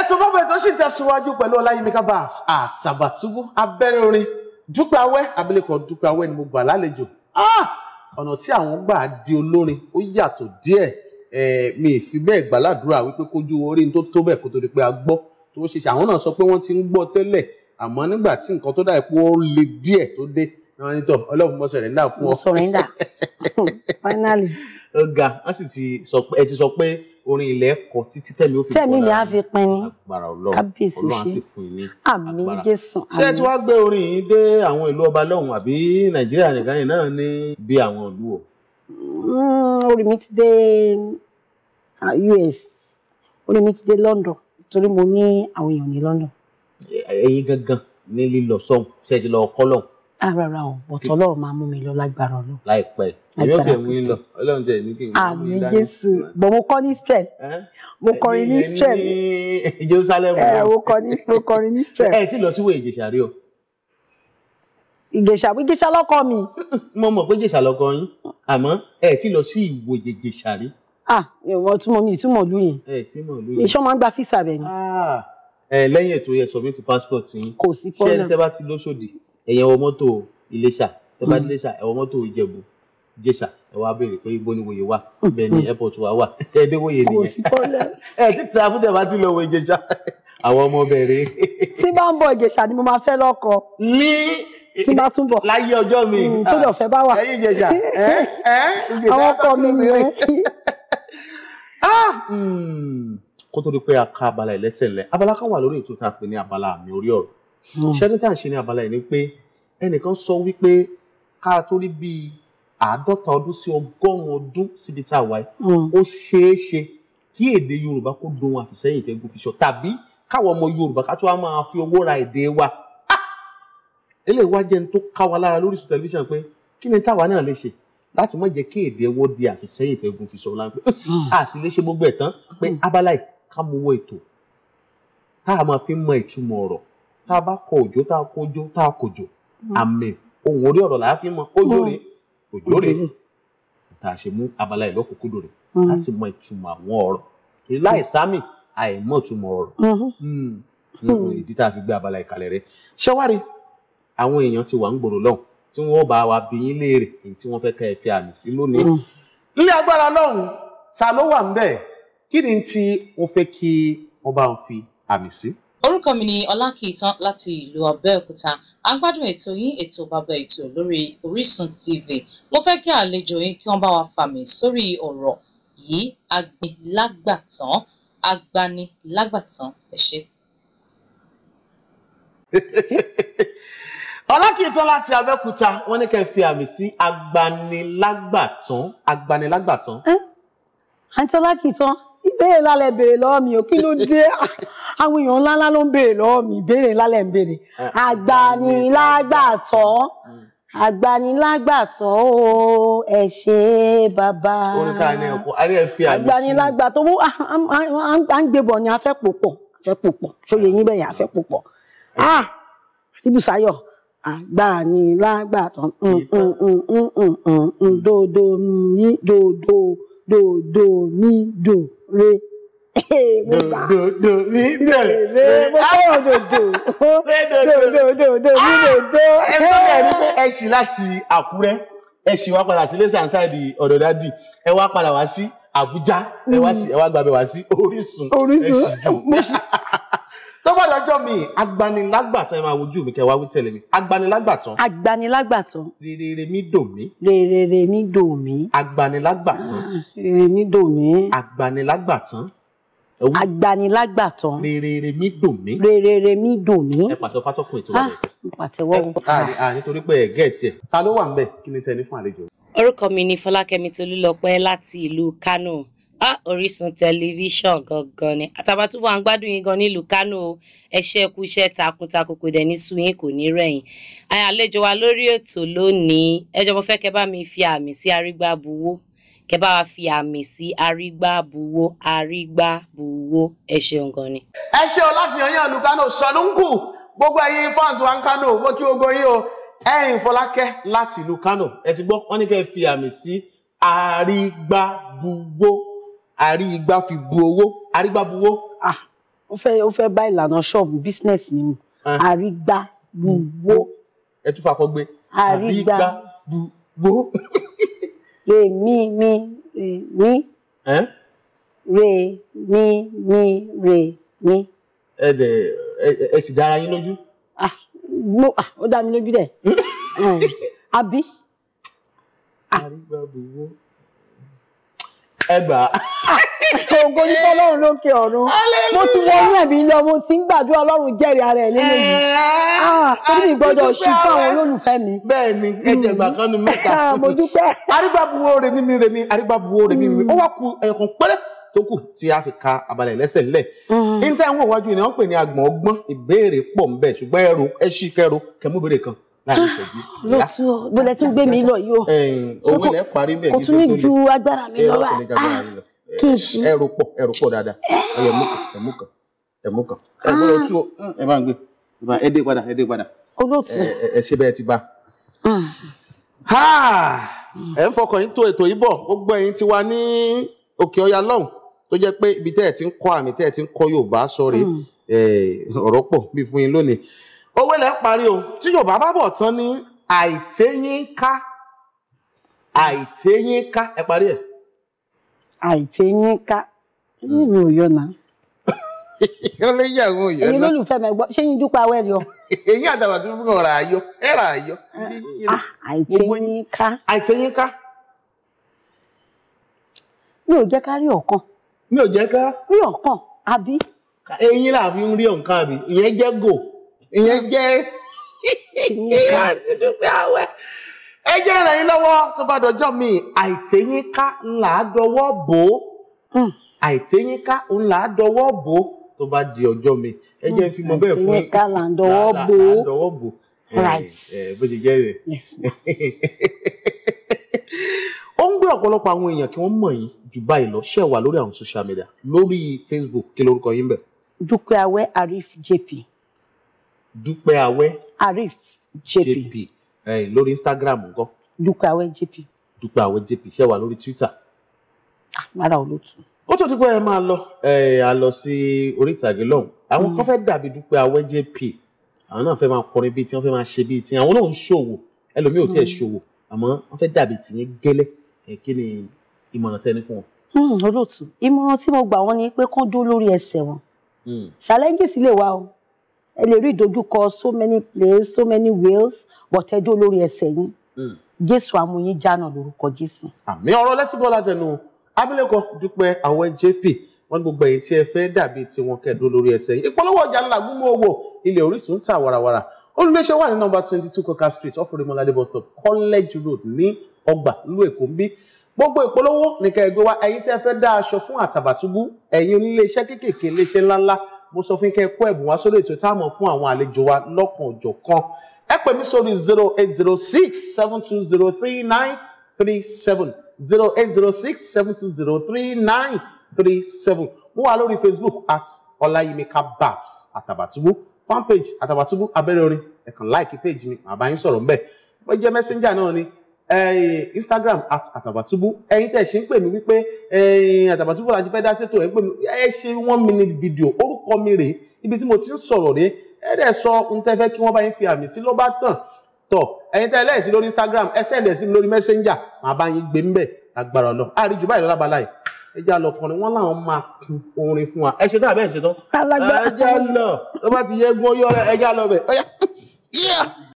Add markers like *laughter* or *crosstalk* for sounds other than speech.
ẹtùn bọ́bẹ̀ tó sì tẹ̀síwájú pẹ̀lú ọláyímíkà babs àtàbàtúbú abẹ́rẹ́ orin dúpẹ́ awẹ́ abilékọ dúpẹ́ awẹ́ ni mo gbà lálejò ah! ọ̀nà tí àwọn gbà di olórin ó yàtọ̀ díẹ̀ mi ì fi bẹ́ẹ̀ gbàládùra wípé kójú orí tó tó bẹ́ẹ̀ kó tó di pé a gbọ́ tó ṣe ṣe àwọn náà sọ pé wọ́n ti ń gbọ́ tẹ́lẹ̀ àmọ́ nígbà tí nǹkan tó dáa pé ó le díẹ̀ tó dé ọlọ́run mọ́ *laughs* finally. ó ga wọ́n sì ti orin ilẹ̀ kọ títí tẹ̀mí ó fi kọ́ tẹ̀mí ni a fi pin ni agbára ọlọ́run ọlọ́run á sì fún yín ní agbára ṣé tí wàá gbé orin yìí dé àwọn ìlú ọba lọ́hùn àbí nàìjíríà nìkan yìí náà ní bí àwọn ìlú o. Mm, orin mi ti dé ah, US orin mi ti dé London torí mo ní àwọn èèyàn ní London. ẹ̀yin gangan ní lílọ sọ́hùn ṣé ẹ ti lọ ọkọ lọ́hùn Ah, rárá o bọ̀tọ̀ ọlọ́run máa mú mi lọ lágbára ọlọ́run. láìpẹ́ èmi ò tẹ̀ mú yín lọ ọlọ́run tẹ̀ ní kí n mú yín dání. àmì jésù bọ̀ mo kọ́ ní strength mo kọrin ní strength. Jerusalem ẹ mo kọrin ní strength. ẹ ti lọ sí wo ìjèṣà rí o. ìjèṣà ìjèṣà lọkọ mi. mo mọ̀ pé ìjèṣà lọkọ yín àmọ́ ẹ ti lọ sí ìwò ìjèṣà rí. ah ìwọ túmọ̀ mi ìtúmọ̀ lù yín. ẹ ìtúmọ̀ lù yín. ìṣọ́ máa ń gba físà bẹ̀ ni. Ah, lẹ́yìn ètò yẹn submit passport yín. kò sí pọ́nà ṣé ẹni tẹ́ bá ti lóṣòdì ẹ̀yẹn wọ mọ́tò Iléṣà tó bá hmm. Iléṣà ẹ wọ mọ́tò Ìjẹ̀bú Ìjẹ̀ṣà ẹ wá béèrè pé ibo ni Ìwòyè wà hmm. bẹ́ẹ̀ ni airport wa wà *laughs* ẹ dé Ìwòyè nìyẹn *laughs* ẹ ti tra fún tẹ̀wá ti lọ wọ Ìjẹ̀ṣà *laughs* àwọn ọmọ bẹ̀rẹ̀. tí bá ń bọ̀ Ìjẹ̀ṣà ni mo máa fẹ́ lọ́kọ. ní tí bá tún bọ̀ láyé ọjọ́ mi hmm, tó lọ fẹ́ bá wà ẹ̀yìn Ìjẹ̀ṣà àwọn ọkọ mi nìyẹn. Ah, kó tó di pé a ka abala ẹlẹ́sẹ̀ lẹ abala kan wà lórí ètò tá a pè ní abala àmì orí ọ̀rọ̀ Hmm. ṣẹ́ni tá à ń ṣe ní abala yìí ni pé ẹnìkan sọ wípé ká tó rí bíi àádọ́ta ọdún sí ọgọ́rùn-ún ọdún síbi tá a wà yìí hmm. ó ṣeé ṣe kí èdè Yorùbá kó dohun àfìsẹ́yìn tẹ́gùn fi sọ tàbí káwọn ọmọ Yorùbá ká tó wá máa fi owó ra èdè wa eléyìí wá jẹ́ ní tó ká wa lára lórí tẹlifíṣàn pé kí ni táwa náà lè ṣe láti má jẹ́ kí èdè wọ́ di àfìsẹ́yìn tẹ́gùn fi sọ láńpẹ́ hmm. a sì lè ṣe gbogbo ẹ̀ tán pé abala yìí ká mú owó ètò tá a máa fi mọ ìtumọ̀ ọ̀rọ̀ tá a bá kọ òjò tá a kójó tá a kòjò hmm. àmì ohun orí ọ̀rọ̀ làá fi mọ òjò rè òjò rè tá a ṣe mú abala ìlọ́kùnkúndùn rè láti hmm. mọ ìtumọ̀ àwọn ọ̀rọ̀ torí láì sámì àìmọ̀ ìtumọ̀ ọ̀rọ̀ hmm. ìdí tá a fi gbé abala ìkàlẹ̀ rẹ ṣẹ́wárí àwọn èèyàn ti wà ń gbòòrò lọ́hùn tí wọ́n bá wa bí yín léèrè èyí tí wọ́n fẹ́ ká ẹ fi àmì sí lónìí ilé agbára lọ́hùn ta ló wà ń bẹ̀ kí ni ti mo fẹ́ kí wọ́n bá ń fi àmì sí orúkọ mi ni ọlákìtàn láti ìlú abẹ́òkúta a gbádùn ètò yín ètò bàbá ètò lórí orísun tv mo fẹ́ kí àlejò yín kí wọ́n bá wa fàmì sórí ọ̀rọ̀ yìí agbanilágbàtàn agbanilágbàtàn ẹ ṣé. *laughs* ọlákìtàn láti abẹ́òkúta wọ́n ní kẹ́ fi àmì sí agbanilágbàtàn agbanilágbàtàn. àǹtí ọlákìtàn ìbéèrè lálẹ́ béèrè lọ́wọ́ mi ò kí ló dé àwọn èèyàn ńláńlá ló ń béèrè lọ́wọ́ mi ìbéèrè lálẹ́ ń béèrè àgbànilágbàtọ́ àgbànilágbàtọ́ o ẹ ṣe bàbá àgbànilágbàtọ́ à ń gbébọ̀ ni a fẹ́ pò pọ̀ a fẹ́ pò pọ̀ ṣòye yín bẹ́ẹ̀ yẹn a fẹ́ pò pọ̀ ah ibùsáyọ̀ àgbànilágbàtọ́ mm, mm, mm, dodo mi dodo dodo mi do re dòdò *laughs* do do re ah! mo fẹ́ràn do do dòdò do do ah! ẹ bẹ́ẹ̀ ni pé ẹ ṣì láti Àkúrẹ́ ẹ ṣì wá padà sí lẹ́sàn sáàdì ọ̀dọ̀ dádì ẹ wá padà wá sí Àbújá ẹ wá mm. sí ẹ wá gbàgbé wá sí Orísun ẹ ṣì jù dọjọ́ mi agbanilágbà tán ẹ máa wojú mi kẹwàá wí tẹ̀lé mi agbanilágbà tán. agbanilágbà tán. rere mi dò mí. rere mi dò mí. agbanilágbà tán. Ah, rere mi dò mí. agbanilágbà tán. agbanilágbà tán. rere mi dò mí. rere mi dò mí. ẹ pàtẹ́wọ́ fátọ́kùn ètò wàlẹ̀. Ah, pàtẹ́wọ́ ah, nítorí pé ẹ gẹ̀ẹ́tì ẹ̀ ta ló wà ń bẹ̀ kí ni tẹ́ ní fún àlejò. orúkọ mi ni Fọlákẹ́mi Tolúlọpẹ́ láti ìlú Kánò ah Orísun tẹlifíṣàn gangan ni Àtàbàtúbú à ń gbádùn yín gan nílùú Kánò o ẹṣẹ kú iṣẹ́ takuntakun kò dẹ̀ ní sú yín kò ní rẹ̀yìn àlejò wa lórí ètò lónìí ẹjọ mo fẹ́ kẹ́ bá mi fi àmì sí arígbábuwó kẹ́ bá wa fi àmì sí arígbábuwó arígbábuwó ẹ ṣeun ni. ẹ ṣe o láti yan yan lukano Kánò sọlúńkù gbogbo ẹ̀yin fans wa ń Kánò mo kí gbogbo yín o ẹ̀yin Fọlákẹ́ láti ìlú ẹ ti gbọ́ wọn ní kẹ́ fi àmì sí arígbábuwó àrí igba fi bu owó àrígbá bu owó. ah ó fẹ́ ó fẹ́ bá ìlànà ṣọ́ọ̀bù bísínẹ́sì ni mu ah. àrígbá bu owó. ẹ tún fakọ gbé àrígbá bu owó. *laughs* re mi mi re mi. Eh? re mi mi re mi. ẹ dẹ ẹ sì dára yín lójú. ah mo ah o dá mi lójú dẹ *laughs* àbí. àrígbá bu owó ẹgbà. Ah, ògo ní fọlọ́run lókè ọ̀run mo ti wọnú ẹ̀mí lọ mo ti ń gbàdúrà ọlọ́run jẹ́rìí ara ẹ̀ nínú yìí eh, ah, ah, torí mi gbọ́dọ̀ ṣí fún àwọn olólùfẹ́ mi. bẹ́ẹ̀ ni ẹ̀jẹ̀ ìgbà kan nu mẹ́ta. mo dúpẹ́. arígbàbuwo rèmi mi remi, arígbàbuwo remi. mi hmm. ó wá ku ẹ̀kan pẹ́rẹ́ tó kù tí a fi ka abalẹ̀ lẹ́sẹ̀ lẹ̀. Hmm. níta ń wò wájú ni wọ́n pè ní agbọ̀n ọgbọ́n ìbéèrè pọ̀ ń bẹ ṣùgbọ́n ẹrù ẹ ṣí kẹrù kẹmú ìbéèrè kan láàrin ìṣẹ́jú. Ah, lótú bó mi lọ yìí o. Eh, owó ilẹ̀ parí mẹ́ eh, ah, kí n ṣe eh, mi lọ wá kí n ṣe. ẹrù pọ̀ ẹrù pọ̀ ẹ ń fọkàn tó ètò gbogbo ti wá ní òkè ọya lọ́hùn tó jẹ́ pé ibi ti ń kọ́ àmì ti ń kọ́ hmm. bí fún yín lónìí. owó lẹ́ parí o tí yorùbá bá bọ̀ tán ní àìtéyínká àìtéyínká ẹ parí ẹ̀. àìtéyínká nínú òyọ náà. *laughs* ó lè yẹ àwọn òyọ náà. èyí lólùfẹ́ mi gbọ́ ṣé yín dúpọ̀ awẹ́ yọ. *laughs* èyí àdàbà tó fún ọ̀rọ̀ ayọ̀ ẹ̀ rà ayọ̀. Ah, ah, àìtéyínká. àìtéyínká. mi ò jẹ́ ká rí ọ̀kan. mi ò jẹ́ ká. rí ọ̀kan àbí. eyín làá fi ń rí ọ̀kan àbí ìyẹn jẹ́ gò ìyẹn jẹ́ àtidúpẹ́ àwẹ̀ ẹ jẹ́ ìrìn yín lọ́wọ́ tó bá dọjọ́ mi àìtẹ́yínká ńlá dọwọ́ bò ó hmm. àìtẹ́yínká ńlá dọwọ́ bò ó tó bá di ọjọ́ mi ẹ jẹ́ fi mọ bẹ́ẹ̀ fún yín àìtẹ́yínká là ń dọwọ́ bò ó bó ṣe jẹ́ rẹ̀ ó ń gbé ọ̀pọ̀lọpọ̀ àwọn èèyàn kí wọ́n mọ̀ yín jù báyìí lọ ṣe lórí àwọn social media lórí Facebook kí lórúkọ yín bẹ̀. Dúpẹ́ Awẹ́ Arif JP dúpẹ́ awẹ́. arif jp jp eh, lórí instagram ńkọ́. dúpẹ́ awẹ́ jp. dúpẹ́ awẹ́ jp ṣe wà lórí twitter. mara ah, olótú. kó tó di pé ẹ máa lọ a lọ sí orí ìtàgé lọ́hùn àwọn kan mm. fẹ́ dàbí dúpẹ́ awẹ́ jp àwọn náà fẹ́ máa kọrin bíi tí wọ́n fẹ́ máa ṣe bíi tí àwọn náà ń ṣòwò ẹlòmíì ò tiẹ̀ mm. ṣòwò àmọ́ wọ́n fẹ́ dàbí tìyẹn gẹ́lẹ́ kí ni ìmọ̀ràn tẹni fún wọn. Hmm, olótú ìmọ̀ràn tí mo gbà wọ́n ni pé kán dó lórí ẹsẹ̀ wọn hmm. challenges lè wà o ẹ lè rí ìdojúkọ so many places so many ways but ẹ dó lórí ẹsẹ̀ yín hmm. jésù amúyín jánà lórúkọ jésù. àmì ọ̀rọ̀ lẹ́tí bọ́lá tẹnu abilékọ dúpẹ́ àwọn jp wọn gbogbo èyí tí ẹ fẹ́ dàbí tiwọn kẹ́ẹ̀dó lórí ẹsẹ̀ yìí ìpolówó ọjà ńlá gúnmọ́ owó ilẹ̀ orísun ń tà wàràwàrà olùléṣẹ́ wà ní nọ́mbà twenty two coca street ọ̀fọ̀rẹ́mọládé bus stop college road ní ọgbà ìlú èkó ń bí gbogbo ìpolówó nìkan ẹgbẹ́ wa ẹ̀yin tí ẹ fẹ́ dá aṣọ fún àtàbàtúbú ẹ̀yin oníléeṣẹ́ kéékèèké iléeṣẹ́ ńláńlá mo sọ fún kẹ́ ẹ kó ẹ̀bùn wá sórí ètò táàmù fún àwọn àlejò wa lọ́kàn ọ̀jọ̀ kan ẹ pè mí sórí zero eight zero six seven two zero three nine three seven zero eight zero six seven two zero three nine three seven mo wà lórí Facebook at Ọláyímíkà Babs Àtàbàtúbú fanpage Àtàbàtúbú abẹ́rẹ́ orin ẹ kàn like page mi màá bá yín sọ̀rọ̀ ńbẹ̀ bó jẹ́ messenger náà ni Eh, Instagram at Àtàbàtúbú ẹ̀yin tẹ́ ṣe ń pè mí wípé Àtàbàtúbú eh, la ṣe fẹ́ dá sétò ẹ̀ ń pè mí ẹ ṣe one minute video orúkọ mi rèé ibi tí mo ti ń sọ̀rọ̀ rèé ẹ dẹ̀ sọ ohun tẹ́ fẹ́ kí wọ́n bá yín fi àmì sí ló bá tàn tọ̀ ẹ̀yin tẹ́ lẹ́yìn sí lórí Instagram ẹ sẹ́ndẹ̀ sí mi lórí Messenger màá bá yín gbé ńbẹ̀ agbára Ọlọ́run àríjù báyìí lọ́la balá yìí ẹ jẹ́ àlọ́ kọrin wọ́n làwọn máa kun orin fún wa ẹ ṣe tán àbẹ́ ẹ ṣe tán. tó